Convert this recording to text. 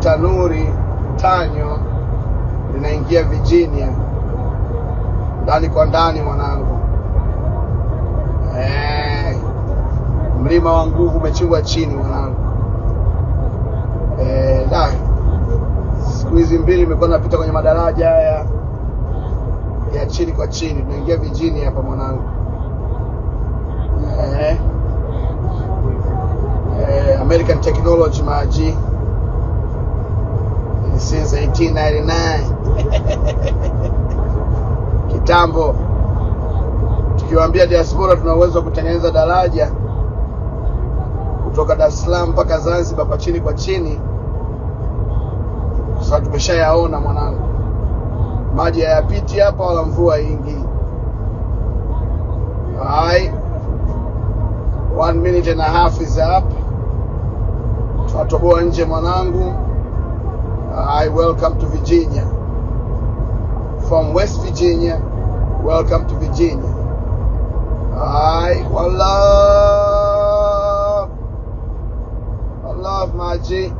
tanuri tanyo linaingia Virginia ndani kwa ndani, mwanangu hey. Eh, mlima wa nguvu umechimbwa chini mwanangu hey. Eh, siku hizi mbili imekuwa napita kwenye madaraja haya ya chini kwa chini, tunaingia Virginia hapa mwanangu hey. Eh, hey. American technology maji 1999 kitambo, tukiwaambia diaspora tuna uwezo wa kutengeneza daraja kutoka Dar es Salaam mpaka Zanzibar kwa chini kwa chini. Sasa tumeshayaona mwanangu, maji hayapiti hapa wala mvua ingi. Hai, one minute and a half is up. Tunatoboa nje mwanangu. Hi, welcome to Virginia. From West Virginia, welcome to Virginia. Hi, one love. One love, my G.